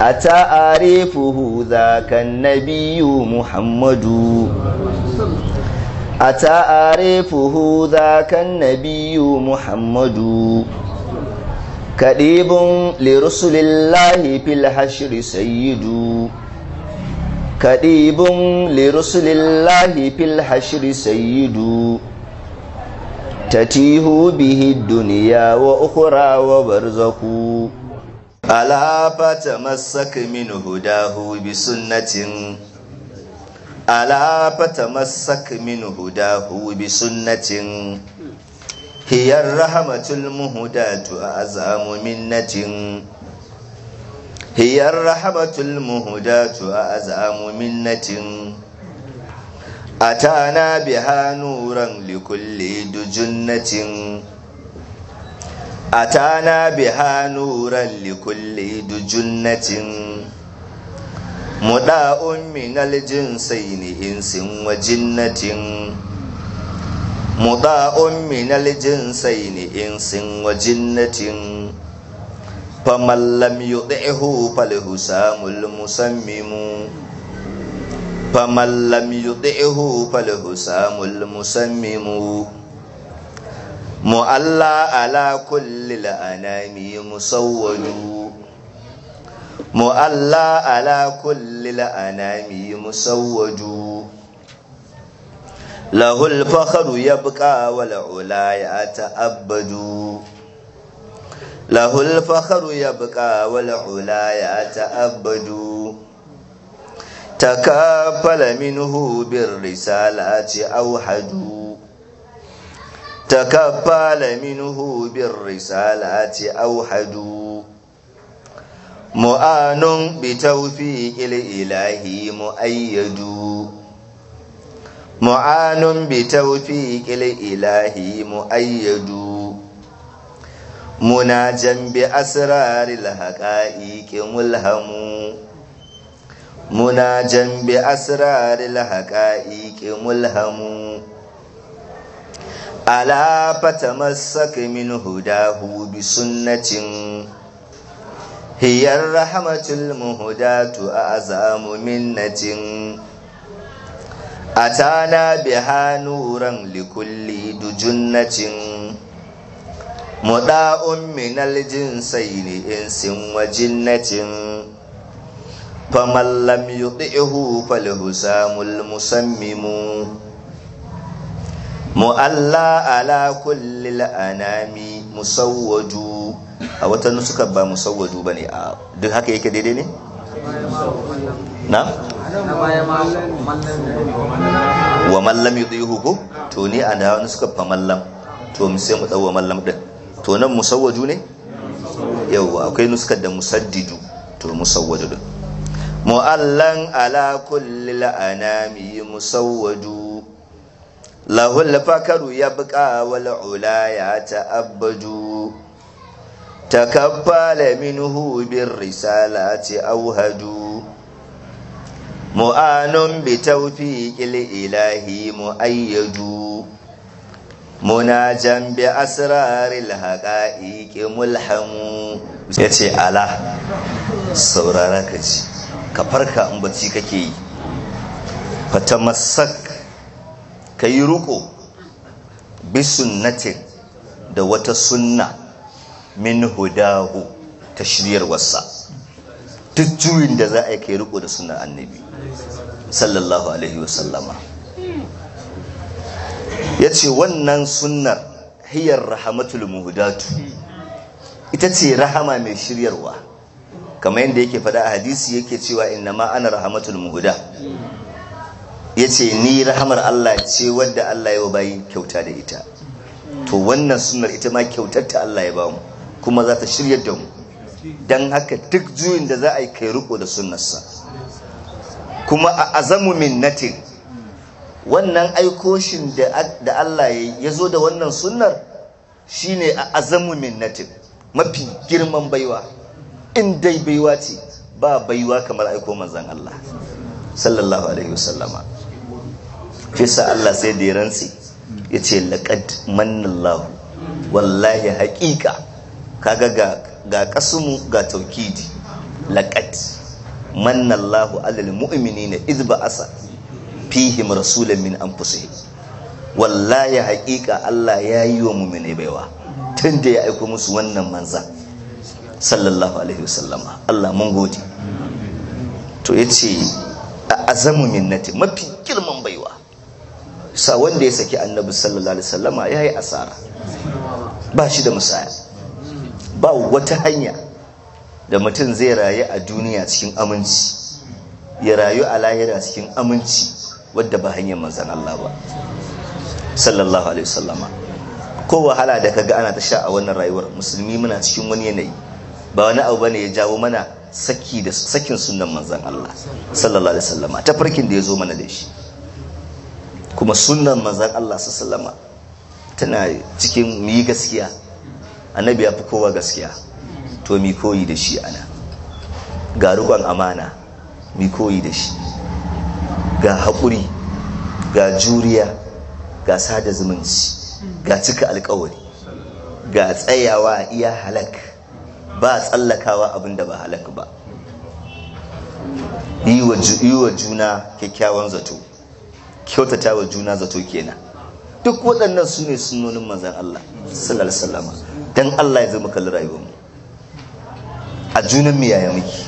أتعرفه ذاك النبي محمد أتعرفه ذاك النبي محمد كريب لرسل الله في الحشر سيد كريب لرسل الله في الحشر سيد تتيه به الدنيا وأخرى وبرزقوا fa masaka min hudahu bi sunnatin alafata masaka min hudahu bi sunnatin hiyar rahamatul muhudatu azamu minnatin hiyar rahmatul muhudatu a azamu minnatin a ta na biha nuran likulli dujunnatin أتانا بها نورا لكل ذو جنة مضاء من الجنسين إنس وجنة مضاء من الجنسين إنس وجنة فمن لم يطعه فالحسام المسمم فمن لم يطعه فالحسام المسمم مؤلا على كل الانام musawwadu مؤلا على كل الانام musawwadu له الفخر يبقى والعلا يتأبد له الفخر يبقى والعلا يتأبد تكافل منه بالرسالات أوحدوا takabbala minuhu bin risalati auhadu mu'anun bi taufiqil ilahi muayyadu mu'anun bi taufiqil ilahi muayyadu munajan bi asraril haqaiqi mulhamu munajan bi asraril haqaiqi mulhamu ala fatamassaka min hudahu bisunnatin hiya rahmatu lmuhdatu azamu minnatin atana biha nuran likulli dujunnatin muda'un min aljinsaini insin wa jinnatin faman lam yuɗihu falhusamu lmusammimu mu'alla ala kulli anami musawwaju a wata nusuka ba musawwaju bane a duk haka yake daidai ne na wa mallam yudhihu ko to ni a da nusuka fa mallam to mu sai mu dawo mallam din to nan musawwaju ne yawa akwai nusuka da musaddidu to musawwaju din mu'allan ala kulli anami musawwaju lahun lafakaru ya buƙa wal ula ya ta'abbaju ta kafala minhu bir risalati auhaju mu'anun bi tawfiqil ilahi mu'ayyaju munajan bi asraril haqaiqi mulhamu yace ala saurara kaci kafarka farka in bacci kake yi fatamassak ka yi ruko bisunnatin da wata sunna min hudahu ta shiryarwarsa duk juyin da za a yi ka yi ruko da suna annabi sallallahu alaihi wasallama ya ce wannan sunnar hiyar rahamatul muhudatu ita ce rahama mai shiryarwa kamar yadda yake faɗa a hadisi yake cewa inna ma ana rahamatul muhudatu ya ce ni rahamar Allah ce wadda Allah ya bayi kyauta da ita to wannan sunar ita ma kyautar ta Allah ya ba mu kuma za ta shirya da mu don haka duk juyin da za a yi kai riko da sunnarsa kuma a azamu minnatin wannan aikoshin da Allah ya zo da wannan shi ne a azamu minnatin mafi girman baiwa in dai baiwa ce ba baiwa kamar aiko manzan Allah sallallahu alaihi wasallama fisa Allah sai da ya rantsi ya ce laƙad mannallahu wallahi haƙiƙa kaga ga ƙasumu ga taukidi laƙad mannallahu alal mu'mini na izba asa fihim rasulun min anfusihim wallahi haƙiƙa Allah ya yi wa mu'mini baiwa tun da ya aiko musu wannan manza. sallallahu alaihi wasallama Allah mun gode to ya ce a azamu minnati mafi girman bai sa wanda ya saki annabi sallallahu alaihi wasallama ya yi asara ba shi da musaya ba wata hanya da mutum zai rayu a duniya cikin aminci ya rayu a lahira cikin aminci wadda ba hanyar manzon Allah ba sallallahu alaihi wasallama ko wahala da kaga ana ta sha a wannan rayuwar musulmi muna cikin wani yanayi ba wani abu bane ya jawo mana saki da sakin sunnan manzon Allah sallallahu alaihi wasallama ta farkin da ya zo mana da shi kuma sunan mazan Allah sallama tana cikin mu yi gaskiya annabi ya fi kowa gaskiya to mi koyi da shi ana ga rukon amana mi koyi da shi ga haƙuri ga juriya ga sada zumunci ga cika alkawari ga tsayawa iya halak ba tsallakawa abinda ba halak ba yi wa juna kyakkyawan zato kyautata wa juna zato kenan duk waɗannan su ne sunonin manzan Allah sallallahu alaihi don dan Allah ya zama kalli rayuwar a junan mu yaya muke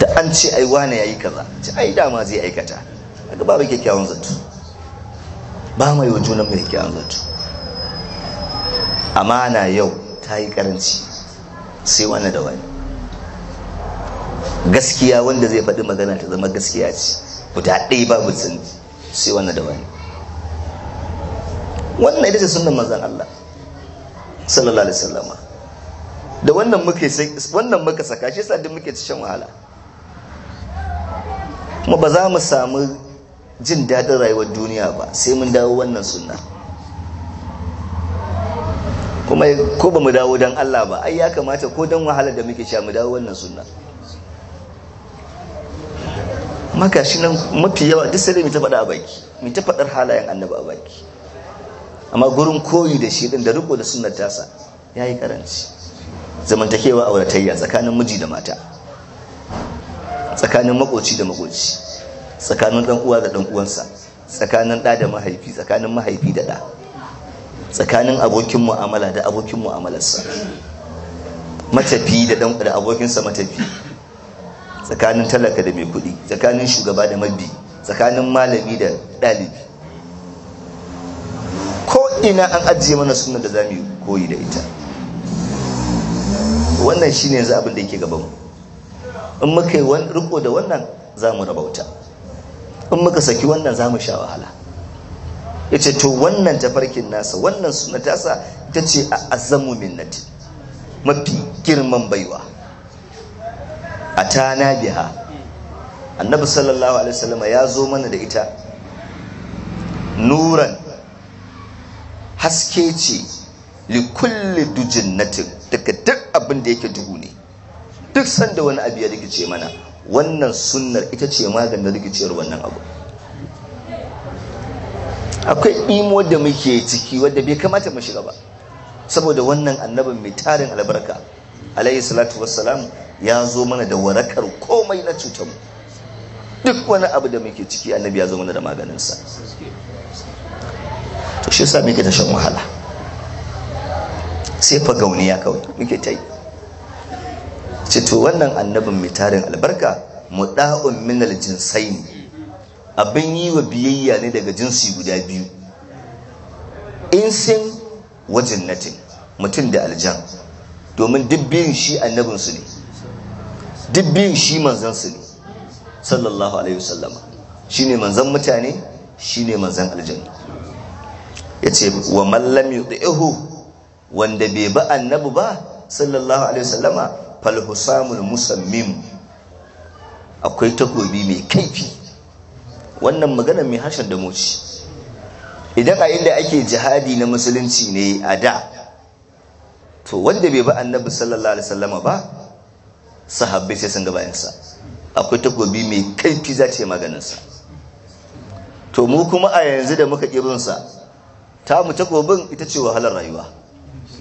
da an ce ai wane yayi kaza ce ai dama zai aikata kaga babu kyakkyawan zato ba mai wa junan mu kyakkyawan zato amana yau ta yi karanci sai wani da wani gaskiya wanda zai faɗi magana ta zama gaskiya ce guda ɗaya babu tsinci sai wannan da wani wannan ita ce sunan mazan Allah sallallahu alaihi sallama. da wannan muke wannan muka saka shi yasa duk muke cikin wahala kuma ba za mu samu jin daɗin rayuwar duniya ba sai mun dawo wannan sunna kuma ko ba mu dawo don Allah ba ai ya kamata ko don wahala da muke sha mu dawo wannan sunna amma ga shi nan mafi yawa duk sai dai ta faɗa a baki mai ta faɗar halayen annabi a baki amma gurin koyi da shi din da riko da sunnar tasa ya yi karanci zamantakewa auratayya tsakanin miji da mata tsakanin makoci da makoci tsakanin dan uwa da dan uwansa tsakanin ɗa da mahaifi tsakanin mahaifi da ɗa tsakanin abokin mu'amala da abokin mu'amalarsa matafi da dan da abokinsa matafi tsakanin talaka da mai kuɗi tsakanin shugaba da mabi tsakanin malami da ɗalibi ko ina an ajiye mana suna da za koyi da ita wannan shine yanzu abin da yake mu. in muka yi riko da wannan za mu rabauta in muka saki wannan za mu sha wahala ya ce to wannan tafarkin nasa wannan suna tasa ita ce a azamu minnati mafi girman baiwa A tana biha annabi sallallahu alaihi wasallam ya zo mana da ita nuran haske ce likulli dujinnatin daga duk abin da yake duhu ne duk sanda wani abu ya rikice mana wannan sunnar ita ce maganin rikicewar wannan abu akwai imo da muke ciki wadda bai kamata mu shiga ba saboda wannan annabin mai tarin albarka alayhi salatu wassalam ya zo mana da warakar komai na cutar mu duk wani abu da muke ciki annabi ya zo mana da maganinsa to shi sa muke tashin wahala sai fa gauniya kawai muke ta yi ce wannan annabin mai tarin albarka da'un minal ne abin yi wa biyayya ne daga jinsi guda biyu insin wajen natin, mutum da aljan domin duk biyun shi annabinsu ne duk biyun shi manzan su ne sallallahu alaihi wasallama ne manzan mutane Shi ne manzan Ya ce wa man da yuti'hu wanda bai ba annabu ba sallallahu alaihi wasallama Falhu samun musammim akwai takobi mai kaifi wannan magana mai harshen da moci idan a inda ake jihadi na musulunci ne a da to wanda bai ba annabi sallallahu alaihi wasallama ba sahabbai sai sun ga bayansa akwai takobi mai kaifi za ce maganinsa to mu kuma a yanzu da muka ƙibinsa ta mu takobin ita ce wahalar rayuwa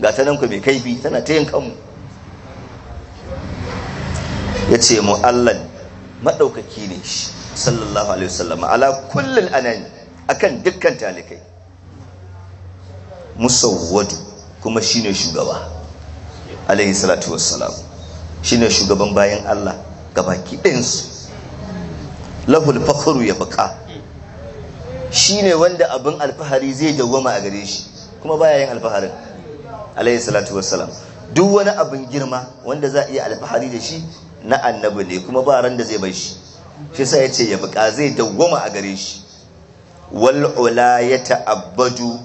ga ta nan ku mai kaifi tana ta yin kanmu ya ce mu allan maɗaukaki ne shi sallallahu alaihi wasallam ala kullin anani akan dukkan talikai musawwadu kuma shine shugaba alaihi salatu wassalamu shine shugaban bayan Allah gabaki ɗins lahul fakhru ya baka shine wanda abin alfahari zai dawwama a gare shi kuma baya yin alfaharin alayhi salatu wassalam duk wani abin girma wanda za a iya alfahari da shi na annabi ne kuma ba ran da zai bai shi shi sai ya ce ya baka zai dawwama a gare shi wal ula ya ta'abbadu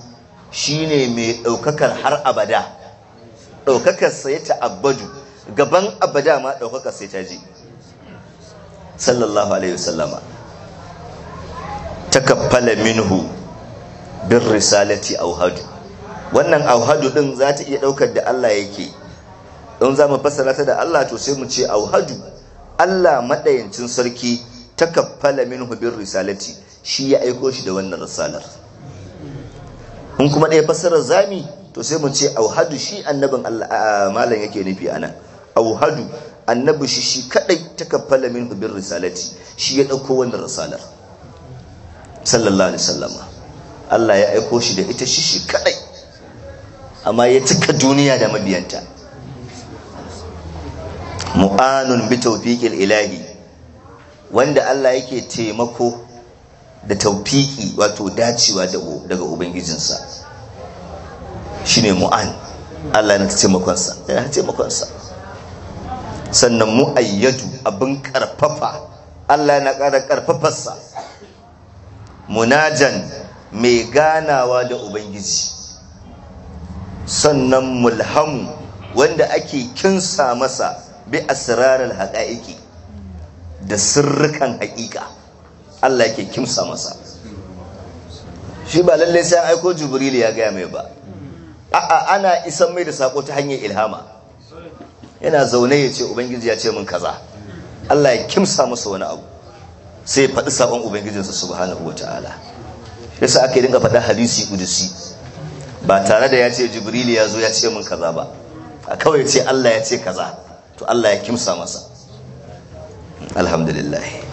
shine mai daukakar har abada daukakar sa ya ta'abbadu gaban abada ma ɗaukaka sai ta ji sallallahu alaihi wasallama takaffala minhu bin risalati auhadu wannan auhadu ɗin za ta iya ɗaukar da Allah yake Don za mu fassara ta da Allah to sai mu ce auhadu Allah maɗayancin sarki ta takaffala minhu bin risalati shi ya aiko shi da wannan risalar in kuma ɗaya fassarar zami to sai mu ce auhadu shi annabin Allah malam yake nufi anan auhadu annabi shi shi kadai ta kafala min bin risalati shi ya dauko wannan risalar sallallahu alaihi wasallama Allah ya aiko shi da ita shi shi kadai amma ya cika duniya da mabiyanta mu'anun bi tawfiqil ilahi wanda Allah yake taimako da tawfiqi wato dacewa daga ubangijinsa shine mu'an Allah na ya taimakon sa sannan mu'ayyadu abin karfafa Allah na ƙara karfafarsa munajan mai ganawa da ubangiji sannan mulhamu wanda ake kinsa masa bi asrarar haƙa'iƙi da sirrukan haƙiƙa Allah ke kimsa masa shi ba lallai sai aiko jibril ya gaya mai ba a'a ana isan mai da sako ta hanyar ilhama yana zaune ya ce ubangiji ya ce min kaza Allah ya kimsa masa wani abu sai ya faɗi sabon ubangijinsa subhanahu wataala yasa aka dinga faɗa hadisi kudusi ba tare da ya ce jibrili ya zo ya ce min kaza ba a kawai ce Allah ya ce kaza to Allah ya kimsa masa alhamdulillah